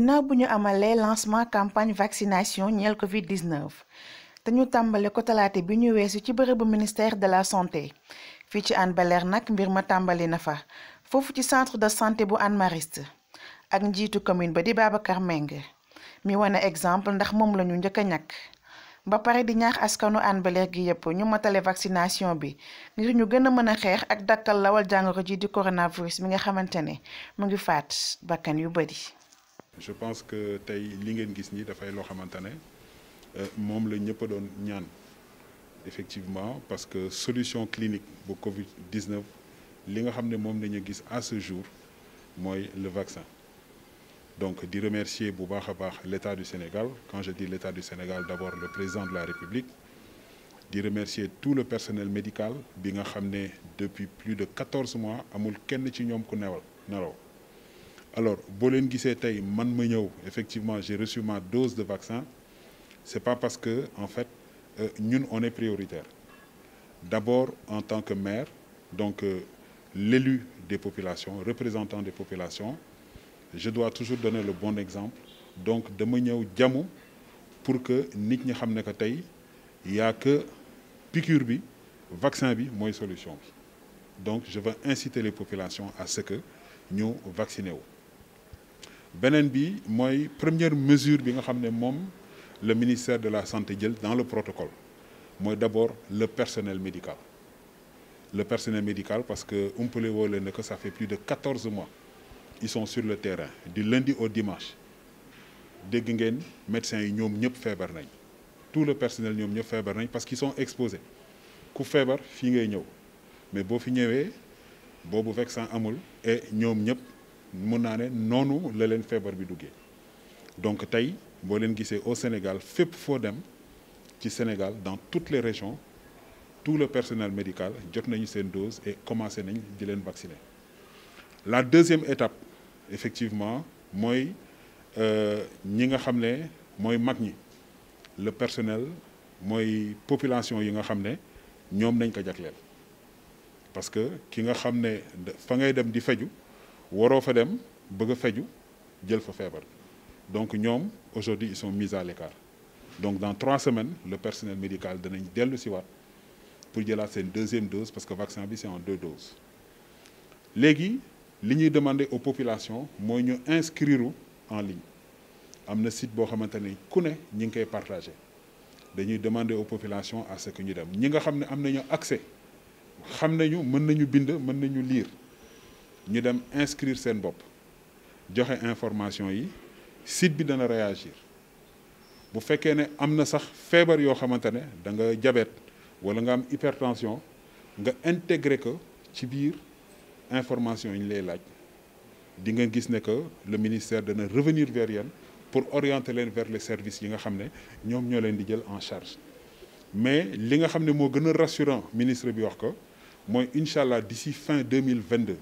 ginnaaw bu ñu amalee lancement campagne vaccination ñeel Covid 19 te ñu tàmbale ko talaate bi ñu weesu ci bërëbu ministère de la santé fii ci Hann bel nag mbir ma tàmbali na fa foofu ci centre de santé bu Hann Mariste ak njiitu commune ba di Babacar Mbengue mi wone exemple ndax moom la ñu njëkk a ñàkk ba pare di ñaax askanu Hann gi yépp ñu matale vaccination bi ngir ñu gën a mën a xeex ak dakkal lawal jàngoro ji di coronavirus mi nga xamante ne mu ngi faat bakkan yu bari je pense que tay li ngeen gis nii dafay loo xamante ne euh, mom la ñëpp doon effectivement parce que solution clinique la Covid 19 ce nga nous mom fait à ce jour c'est le vaccin donc di remercier bu l'État du Sénégal quand je dis l'État du Sénégal d'abord le président de la République di remercier tout le personnel médical qui a été depuis plus de 14 mois amul kenn ci ñom ku newal alors si vous man effectivement j'ai reçu ma dose de vaccin ce n'est pas parce que en fait euh, nous, on est prioritaire d'abord en tant que maire donc euh, l'élu des populations représentant des populations je dois toujours donner le bon exemple donc de pour que nit ñi ne que n'y a que piqûre le vaccin bi solution donc je veux inciter les populations à ce que nous vaccinions. La bi première mesure bi le ministère de la santé djel dans le protocole moy d'abord le personnel médical le personnel médical parce que que ça fait plus de 14 mois ils sont sur le terrain du lundi au dimanche les médecins yi tous tout le personnel ñom parce qu'ils sont exposés ku feebar fi ngay ñëw mais bo fi ñëwee boobu vaccin amul et ñom ñëpp mon naa nonu noonu leen feebar bi duggee donc tey boo leen gisee au Sénégal fépp foo dem ci Sénégal dans toutes les régions tout le personnel médical jot nañu seen dose et commencé nañ di leen vacciner la deuxième étape effectivement mooy euh, ñi nga xam ne mag ñi le personnel mooy population yi nga xam ne ñoom nañ ko jagleel parce que ki nga xam ne fa ngay dem di faju Waro fa dem bëgg donc aujourd'hui ils sont mis à l'écart donc dans trois semaines le personnel médical danañ dellu si waat pour deuxième dose parce que vaccin bi c'est en deux doses léegi li ñuy demander aux populations mooy ñu en ligne am site boo xamante ku demander aux populations à ce que ñu dem ñi nga accès xam nañu bind lire ñu dem inscrire sen bop joxe information yi site bi dana réagir bu féké né amna sax feebar yo xamante da nga diabète wala nga am hypertension nga intégrer ko ci bir information yi ñu lay laaj di nga gis né que le ministère dana revenir vers yéen pour orienter leen vers les services yi nga xamné ñom ñoom ñoo di jël en charge mais li nga xamné mo gëna rassurant ministre bi wax ko moy inshallah d'ici fin 2022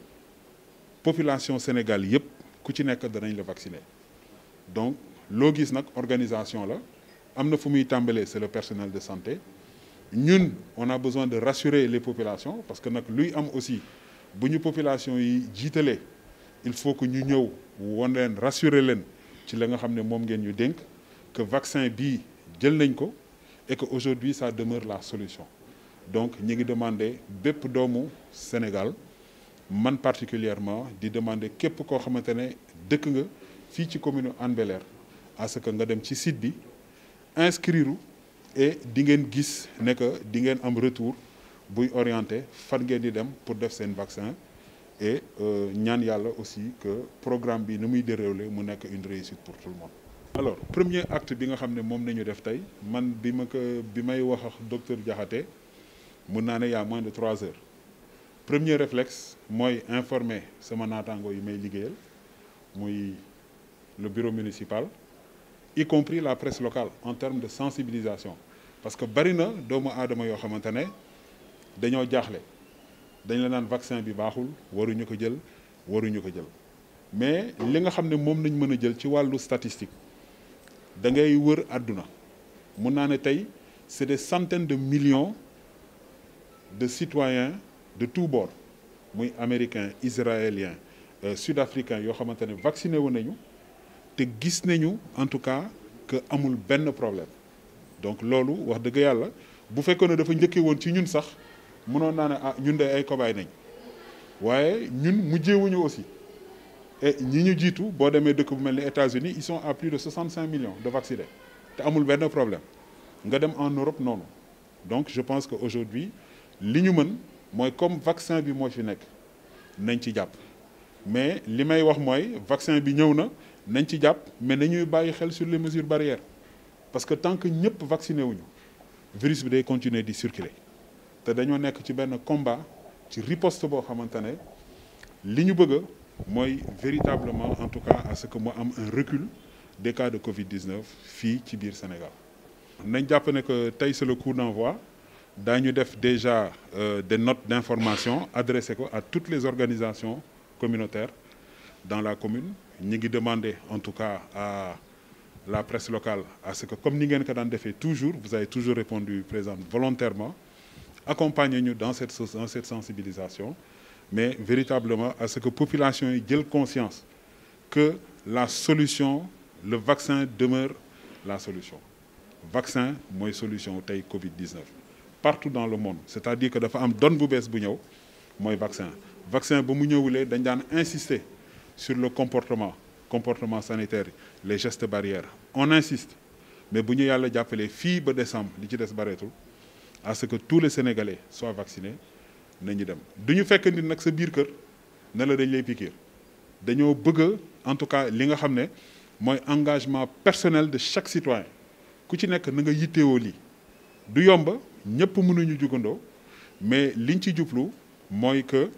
population sénégalaise tout ku ci nekk être vacciner donc l'organisation lorganisation organisation c'est le personnel de santé Nous, on a besoin de rassurer les populations parce que nous lui aussi une population yi jiitalee il faut que nous nous won leen rassurer leen ci la nga xam ne vaccin est jël nañ et que aujourd'hui ça demeure la solution donc ñi ngi demander bépp doomu Sénégal man particulièrement di demander képp koo xamante ne dëkk nga fii ci commune Hann à ce que nga dem ci site bi inscrire et di ngeen gis ne que di ngeen am retour buy orienter, fan ngeen di dem pour def seen vaccin et euh, ñaan yàlla aussi que programme bi ni muy déroulé mu nekk une réussite pour tout le monde. alors premier acte bi nga xam ne moom nañu def tey man bi ma ko bi may wax ak docteur Diakhaté mun naa ne y a moins de trois heures premier réflexe moi, informer sama le bureau municipal y compris la presse locale en termes de sensibilisation parce que Barina, domo adama, aadama je vaccin bi waruñu ko jël waruñu ko mais li nga xam ne moom lañ statistique c'est des centaines de millions de citoyens de tous bords américains, israéliens, euh, sud africains qui ont été vacciné et qui ont gis en tout cas que amul de problème donc ce wax dëgg yàlla bu fekkone ne dafa njëkkee woon ci ñun sax mënoon des ne ah ñun de ay aussi et nous ñu dit boo demee dëkk bu mel les États-Unis ils sont à plus de 65 millions de vaccinés te amul benn problème nga dem en Europe non... donc je pense qu'aujourd'hui... aujourd'hui li moy comme vaccin bi moo fi nek nañ ci japp mais limay wax moy vaccin bi ñëw na nañ ci japp mais nañuy bàyyi xel sur les mesures barrières parce que tant que ñëpp vacciné wuñu virus bi day continuer di circuler té dañu nek ci ben combat ci riposte bo xamantane liñu bëgg moy véritablement en tout cas à ce que mo am un recul des cas de Covid-19 fi ci biir Sénégal nañ japp ne que tay c'est le coup d'envoi nous avons déjà euh, des notes d'information adressées à toutes les organisations communautaires dans la commune Nous avons en tout cas à la presse locale à ce que comme nous avons fait toujours vous avez toujours répondu présente volontairement accompagnez-nous dans cette sensibilisation mais véritablement à ce que la population ait conscience que la solution le vaccin demeure la solution vaccin moins solution la Covid-19 partout dans le monde c'est-à-dire que dafa am donne bu bes bu ñew moy vaccin vaccin bu mu ñewulé dañ daan insister sur le comportement comportement sanitaire les gestes barrières on insiste mais bu ñu yalla jàppalee fi ba décembre li ci dess barétul à ce que tous les sénégalais soient vaccinés nañu dem du ñu fekk nit nak sa biir kër ne la dañ lay piquer. dañoo bëgg en tout cas li nga xamné moy engagement personnel de chaque citoyen ku ci que na nga yittewoo lii du yomba ñëpp mënuñu jugandoo mais liñ ci jublu mooy que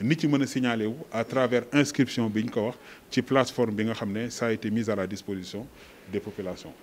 nit ci mën a signalé à travers inscription de la ko wax ci plateforme bi nga xam ça a été mise à la disposition des populations